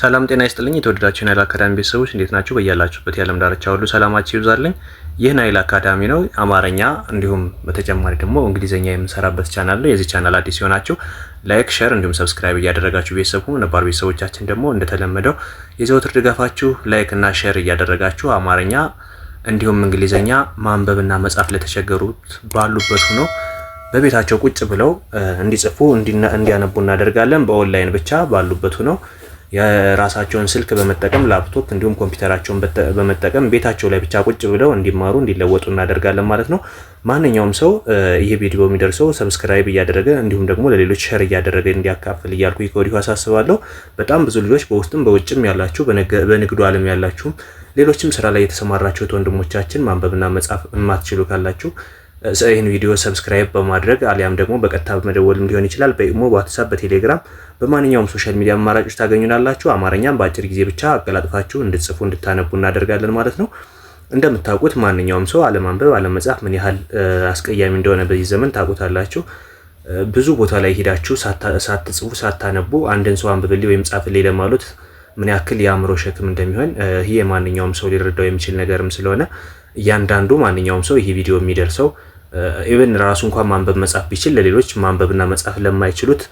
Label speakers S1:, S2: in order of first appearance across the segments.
S1: ሰላም ጤና ይስጥልኝ የተወደዳችሁ ናይል አካዳሚ ቤተሰቦች እንዴት ናችሁ? በያላችሁበት የዓለም ዳርቻ ሁሉ ሰላማችሁ ይብዛልኝ። ይህ ናይል አካዳሚ ነው። አማርኛ እንዲሁም በተጨማሪ ደግሞ እንግሊዝኛ የምንሰራበት ቻናል ነው። የዚህ ቻናል አዲስ ሲሆናችሁ ላይክ፣ ሸር እንዲሁም ሰብስክራይብ እያደረጋችሁ ቤተሰብ ሁኑ። ነባር ቤተሰቦቻችን ደግሞ እንደተለመደው የዘውትር ድጋፋችሁ ላይክ እና ሸር እያደረጋችሁ አማርኛ እንዲሁም እንግሊዝኛ ማንበብና መጻፍ ለተቸገሩት ባሉበት ሁኖ በቤታቸው ቁጭ ብለው እንዲጽፉ እንዲያነቡ እናደርጋለን። በኦንላይን ብቻ ባሉበት ሁነው የራሳቸውን ስልክ በመጠቀም ላፕቶፕ እንዲሁም ኮምፒውተራቸውን በመጠቀም ቤታቸው ላይ ብቻ ቁጭ ብለው እንዲማሩ እንዲለወጡ እናደርጋለን ማለት ነው። ማንኛውም ሰው ይህ ቪዲዮ የሚደርሰው ሰብስክራይብ እያደረገ እንዲሁም ደግሞ ለሌሎች ሸር እያደረገ እንዲያካፍል እያልኩ ከወዲሁ አሳስባለሁ። በጣም ብዙ ልጆች በውስጥም በውጭም ያላችሁ በንግዱ ዓለም ያላችሁም ሌሎችም ስራ ላይ የተሰማራችሁት ወንድሞቻችን ማንበብና መጻፍ የማትችሉ ካላችሁ ይህን ቪዲዮ ሰብስክራይብ በማድረግ አሊያም ደግሞ በቀጥታ በመደወልም ሊሆን ይችላል። በኢሞ፣ በዋትሳፕ፣ በቴሌግራም በማንኛውም ሶሻል ሚዲያ አማራጮች ታገኙናላችሁ። አማርኛም በአጭር ጊዜ ብቻ አቀላጥፋችሁ እንድትጽፉ እንድታነቡ እናደርጋለን ማለት ነው። እንደምታውቁት ማንኛውም ሰው አለማንበብ አለመጻፍ ምን ያህል አስቀያሚ እንደሆነ በዚህ ዘመን ታውቁታላችሁ። ብዙ ቦታ ላይ ሄዳችሁ ሳትጽፉ ሳታነቡ አንድን ሰው አንብብልኝ ወይም ጻፍልኝ ለማሉት ምን ያክል የአእምሮ ሸክም እንደሚሆን ይህ ማንኛውም ሰው ሊረዳው የሚችል ነገርም ስለሆነ እያንዳንዱ ማንኛውም ሰው ይህ ቪዲዮ የሚደርሰው ኢቨን ራሱ እንኳን ማንበብ መጻፍ ቢችል ለሌሎች ማንበብና መጻፍ ለማይችሉት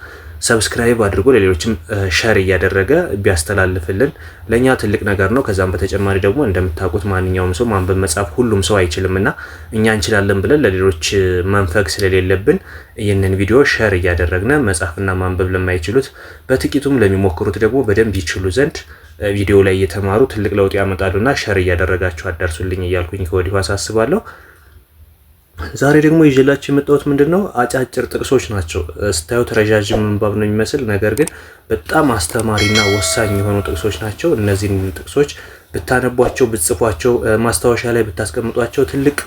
S1: ሰብስክራይብ አድርጎ ለሌሎችም ሸር እያደረገ ቢያስተላልፍልን ለእኛ ትልቅ ነገር ነው። ከዛም በተጨማሪ ደግሞ እንደምታውቁት ማንኛውም ሰው ማንበብ መጻፍ ሁሉም ሰው አይችልም እና እኛ እንችላለን ብለን ለሌሎች መንፈግ ስለሌለብን ይህንን ቪዲዮ ሸር እያደረግነ መጻፍና ማንበብ ለማይችሉት በጥቂቱም ለሚሞክሩት ደግሞ በደንብ ይችሉ ዘንድ ቪዲዮ ላይ እየተማሩ ትልቅ ለውጥ ያመጣሉና ሸር እያደረጋችሁ አዳርሱልኝ እያልኩኝ ከወዲሁ አሳስባለሁ። ዛሬ ደግሞ ይዤላችሁ የመጣሁት ምንድን ነው አጫጭር ጥቅሶች ናቸው። ስታዩት ረዣዥም ምንባብ ነው የሚመስል፣ ነገር ግን በጣም አስተማሪና ወሳኝ የሆኑ ጥቅሶች ናቸው። እነዚህን ጥቅሶች ብታነቧቸው፣ ብትጽፏቸው፣ ማስታወሻ ላይ ብታስቀምጧቸው ትልቅ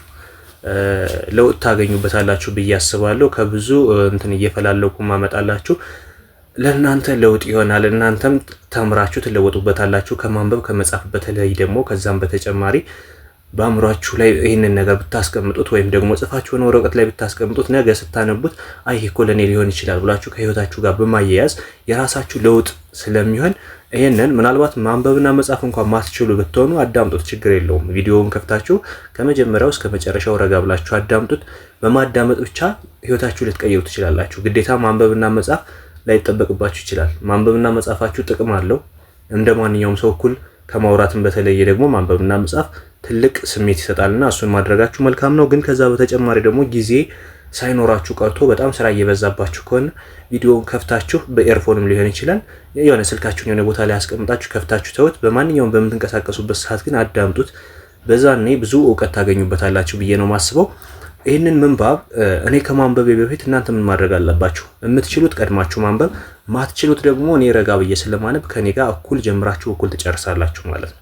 S1: ለውጥ ታገኙበታላችሁ ብዬ አስባለሁ። ከብዙ እንትን እየፈላለኩ ማመጣላችሁ ለእናንተ ለውጥ ይሆናል። እናንተም ተምራችሁ ትለወጡበታላችሁ ከማንበብ ከመጻፍ በተለይ ደግሞ ከዛም በተጨማሪ በአእምሯችሁ ላይ ይህንን ነገር ብታስቀምጡት ወይም ደግሞ ጽፋችሁን ወረቀት ላይ ብታስቀምጡት ነገ ስታነቡት አይ ይሄ እኮ ለእኔ ሊሆን ይችላል ብላችሁ ከህይወታችሁ ጋር በማያያዝ የራሳችሁ ለውጥ ስለሚሆን ይህንን ምናልባት ማንበብና መጻፍ እንኳን ማትችሉ ብትሆኑ አዳምጡት፣ ችግር የለውም። ቪዲዮውን ከፍታችሁ ከመጀመሪያው እስከ መጨረሻው ረጋ ብላችሁ አዳምጡት። በማዳመጥ ብቻ ህይወታችሁ ልትቀይሩ ትችላላችሁ። ግዴታ ማንበብና መጻፍ ላይጠበቅባችሁ ይችላል። ማንበብና መጻፋችሁ ጥቅም አለው። እንደ ማንኛውም ሰው እኩል ከማውራትም በተለየ ደግሞ ማንበብና መጻፍ ትልቅ ስሜት ይሰጣልና እሱን ማድረጋችሁ መልካም ነው። ግን ከዛ በተጨማሪ ደግሞ ጊዜ ሳይኖራችሁ ቀርቶ በጣም ስራ እየበዛባችሁ ከሆነ ቪዲዮውን ከፍታችሁ በኤርፎንም ሊሆን ይችላል የሆነ ስልካችሁን የሆነ ቦታ ላይ አስቀምጣችሁ ከፍታችሁ ተውት። በማንኛውም በምትንቀሳቀሱበት ሰዓት ግን አዳምጡት። በዛኔ ብዙ እውቀት ታገኙበታላችሁ ብዬ ነው ማስበው። ይህንን ምንባብ እኔ ከማንበቤ በፊት እናንተ ምን ማድረግ አለባችሁ? የምትችሉት ቀድማችሁ ማንበብ፣ ማትችሉት ደግሞ እኔ ረጋ ብዬ ስለማነብ ከኔ ጋር እኩል ጀምራችሁ እኩል ትጨርሳላችሁ ማለት ነው።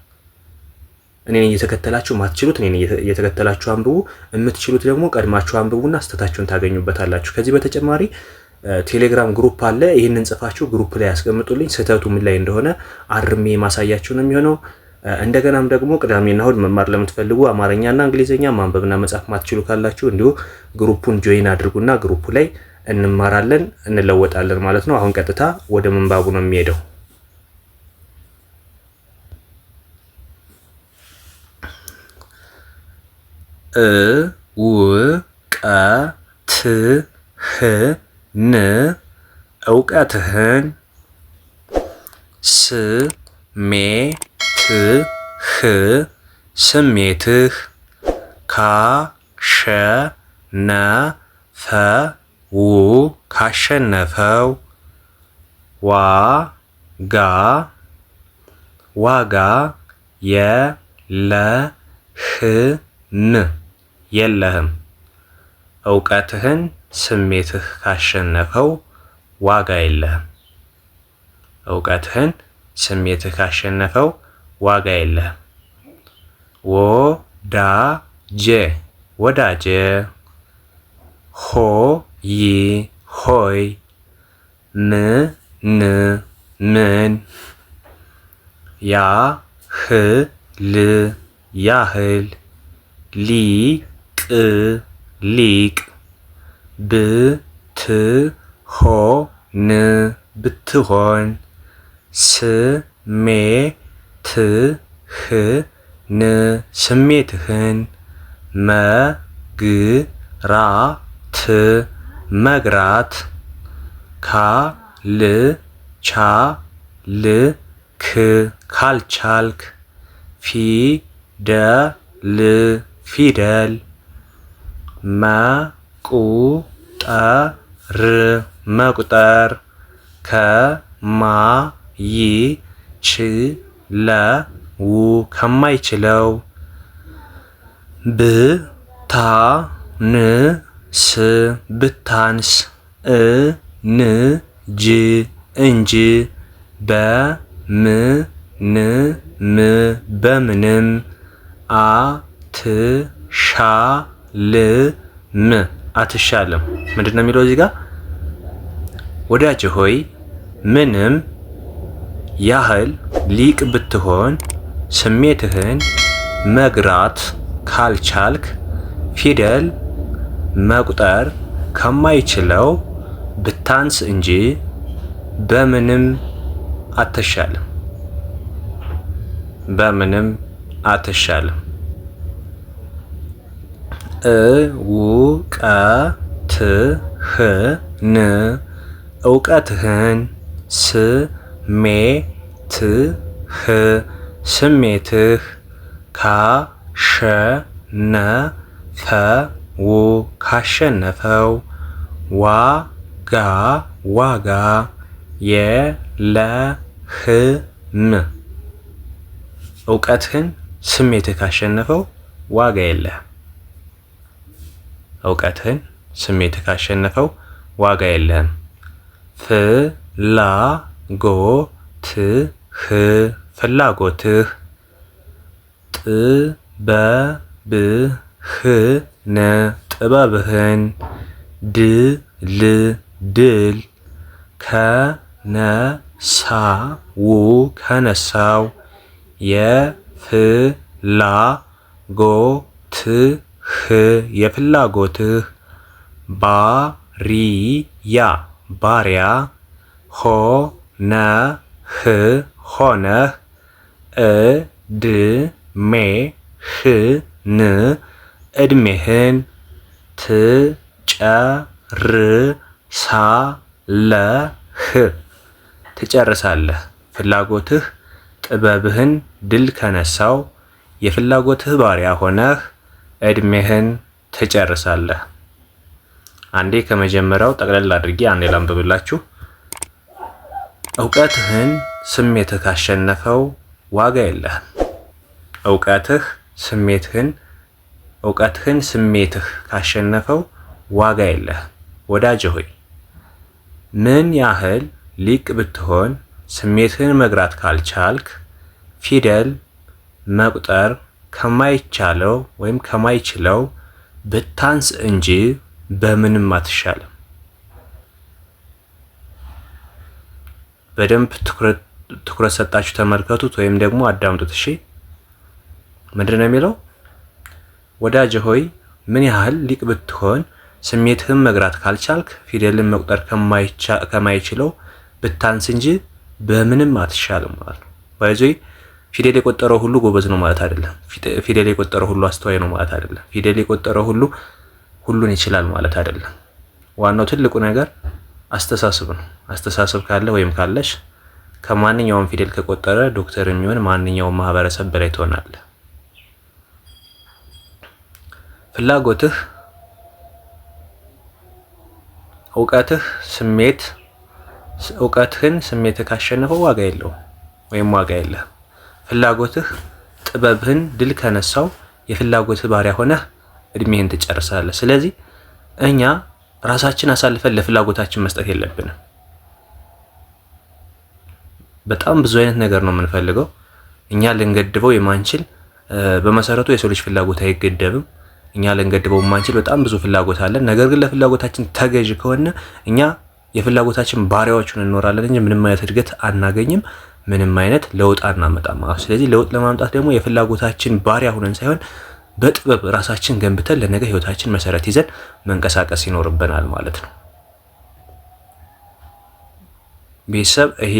S1: እኔን እየተከተላችሁ ማትችሉት እኔን እየተከተላችሁ አንብቡ፣ የምትችሉት ደግሞ ቀድማችሁ አንብቡና ስተታችሁን ታገኙበታላችሁ። ከዚህ በተጨማሪ ቴሌግራም ግሩፕ አለ። ይህንን ጽፋችሁ ግሩፕ ላይ ያስቀምጡልኝ። ስህተቱ ምን ላይ እንደሆነ አርሜ ማሳያችሁ ነው የሚሆነው። እንደገናም ደግሞ ቅዳሜና እሁድ መማር ለምትፈልጉ አማርኛና እንግሊዝኛ ማንበብና መጻፍ ማትችሉ ካላችሁ እንዲሁ ግሩፑን ጆይን አድርጉና ግሩፑ ላይ እንማራለን፣ እንለወጣለን ማለት ነው። አሁን ቀጥታ ወደ ምንባቡ ነው የሚሄደው።
S2: እ ት ህ ን እውቀትህን ህ ስሜትህ ስሜትህ ካሸነፈው ካሸነፈው ዋጋ ዋጋ ን። የለህም። እውቀትህን ስሜትህ ካሸነፈው ዋጋ የለህም። እውቀትህን ስሜትህ ካሸነፈው ዋጋ የለህም። ሆ ይ ሆይ ሆይ ምን ምን ል ያህል ሊ ሊቅ ብትሆን ት ህ ን ስሜትህን ት መግራት መግራት ካልቻልክ ካልቻልክ ፊደል ፊደል መቁጠር መቁጠር ከማይችለው ከማይችለው ብታንስ ብታንስ እንጂ እንጂ በምንም በምንም አትሻ ልም አትሻልም። ምንድን ነው የሚለው እዚህ ጋር ወዳጅ ሆይ ምንም ያህል ሊቅ ብትሆን ስሜትህን መግራት ካልቻልክ ፊደል መቁጠር ከማይችለው ብታንስ እንጂ በምንም አትሻልም። በምንም አትሻልም። ዕውቀትህን እውቀትህን ስሜትህ ስሜትህ ካሸነፈው ካሸነፈው ዋጋ ዋጋ የለህም እውቀትህን ስሜትህ ካሸነፈው ዋጋ የለህም። እውቀትህን ስሜት ካሸነፈው ዋጋ የለህም። ፍላጎትህ ፍላጎትህ ጥበብህን ጥበብህን ድል ድል ከነሳው ከነሳው የፍላጎትህ ህ የፍላጎትህ ባሪያ ያ ባሪያ ሆ ነ ህ ሆነህ እ ድ ሜ ህ ን እድሜህን ት ጨ ር ሳ ለ ህ ትጨርሳለህ። ፍላጎትህ ጥበብህን ድል ከነሳው የፍላጎትህ ባሪያ ሆነህ እድሜህን ትጨርሳለህ። አንዴ ከመጀመሪያው ጠቅለል አድርጌ አንዴ ላንብብላችሁ። እውቀትህን ስሜትህ ካሸነፈው ዋጋ የለህም። እውቀትህ ስሜትህን እውቀትህን ስሜትህ ካሸነፈው ዋጋ የለህም። ወዳጅ ሆይ ምን ያህል ሊቅ ብትሆን ስሜትህን መግራት ካልቻልክ ፊደል መቁጠር ከማይቻለው ወይም ከማይችለው ብታንስ እንጂ በምንም አትሻልም። በደንብ ትኩረት ሰጣችሁ ተመልከቱት ወይም ደግሞ አዳምጡት። እሺ ምንድን ነው የሚለው? ወዳጅ ሆይ ምን ያህል ሊቅ ብትሆን ስሜትህን መግራት ካልቻልክ ፊደልን መቁጠር ከማይችለው ብታንስ እንጂ በምንም አትሻልም ማለት ነው። ፊደል የቆጠረው ሁሉ ጎበዝ ነው ማለት አይደለም። ፊደል የቆጠረው ሁሉ አስተዋይ ነው ማለት አይደለም። ፊደል የቆጠረው ሁሉ ሁሉን ይችላል ማለት አይደለም። ዋናው ትልቁ ነገር አስተሳሰብ ነው። አስተሳሰብ ካለ ወይም ካለሽ ከማንኛውም ፊደል ከቆጠረ ዶክተር የሚሆን ማንኛውም ማህበረሰብ በላይ ትሆናለህ። ፍላጎትህ፣ እውቀትህ ስሜት እውቀትህን ስሜትህ ካሸነፈው ዋጋ የለውም ወይም ዋጋ የለህም። ፍላጎትህ ጥበብህን ድል ከነሳው የፍላጎትህ ባሪያ ሆነህ እድሜህን ትጨርሳለህ። ስለዚህ እኛ ራሳችን አሳልፈን ለፍላጎታችን መስጠት የለብንም። በጣም ብዙ አይነት ነገር ነው የምንፈልገው እኛ ልንገድበው የማንችል በመሰረቱ የሰው ልጅ ፍላጎት አይገደብም። እኛ ልንገድበው የማንችል በጣም ብዙ ፍላጎት አለን። ነገር ግን ለፍላጎታችን ተገዥ ከሆነ እኛ የፍላጎታችን ባሪያዎቹን እንኖራለን እንጂ ምንም አይነት እድገት አናገኝም። ምንም አይነት ለውጥ አናመጣም። ስለዚህ ለውጥ ለማምጣት ደግሞ የፍላጎታችን ባሪያ ሁነን ሳይሆን በጥበብ ራሳችን ገንብተን ለነገ ህይወታችን መሰረት ይዘን መንቀሳቀስ ይኖርብናል ማለት ነው። ቤተሰብ ይሄ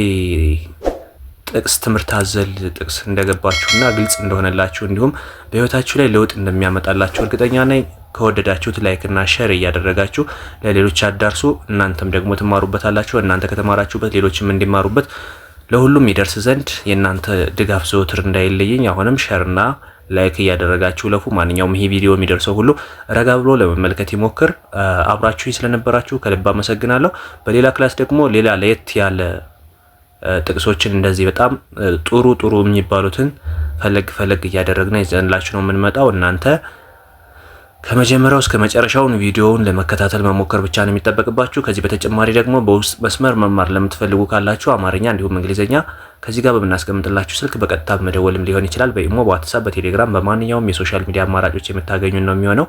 S2: ጥቅስ ትምህርት አዘል ጥቅስ እንደገባችሁና ግልጽ እንደሆነላችሁ እንዲሁም በህይወታችሁ ላይ ለውጥ እንደሚያመጣላችሁ እርግጠኛ ነኝ። ከወደዳችሁት ላይክና ሸር እያደረጋችሁ ለሌሎች አዳርሱ። እናንተም ደግሞ ትማሩበታላችሁ። እናንተ ከተማራችሁበት ሌሎችም እንዲማሩበት ለሁሉም ይደርስ ዘንድ የእናንተ ድጋፍ ዘወትር እንዳይለየኝ። አሁንም ሸርና ላይክ እያደረጋችሁ ለፉ። ማንኛውም ይሄ ቪዲዮ የሚደርሰው ሁሉ ረጋ ብሎ ለመመልከት ይሞክር። አብራችሁ ስለነበራችሁ ከልብ አመሰግናለሁ። በሌላ ክላስ ደግሞ ሌላ ለየት ያለ ጥቅሶችን እንደዚህ በጣም ጥሩ ጥሩ የሚባሉትን ፈለግ ፈለግ እያደረግን ይዘንላችሁ ነው የምንመጣው እናንተ ከመጀመሪያው እስከ መጨረሻውን ቪዲዮውን ለመከታተል መሞከር ብቻ ነው የሚጠበቅባችሁ። ከዚህ በተጨማሪ ደግሞ በውስጥ መስመር መማር ለምትፈልጉ ካላችሁ አማርኛ እንዲሁም እንግሊዝኛ ከዚህ ጋር በምናስቀምጥላችሁ ስልክ በቀጥታ በመደወልም ሊሆን ይችላል። በኢሞ፣ በዋትሳፕ፣ በቴሌግራም በማንኛውም የሶሻል ሚዲያ አማራጮች የምታገኙን ነው የሚሆነው።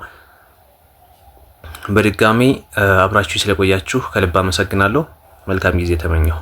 S2: በድጋሚ አብራችሁ ስለቆያችሁ ከልብ አመሰግናለሁ። መልካም ጊዜ ተመኘሁ።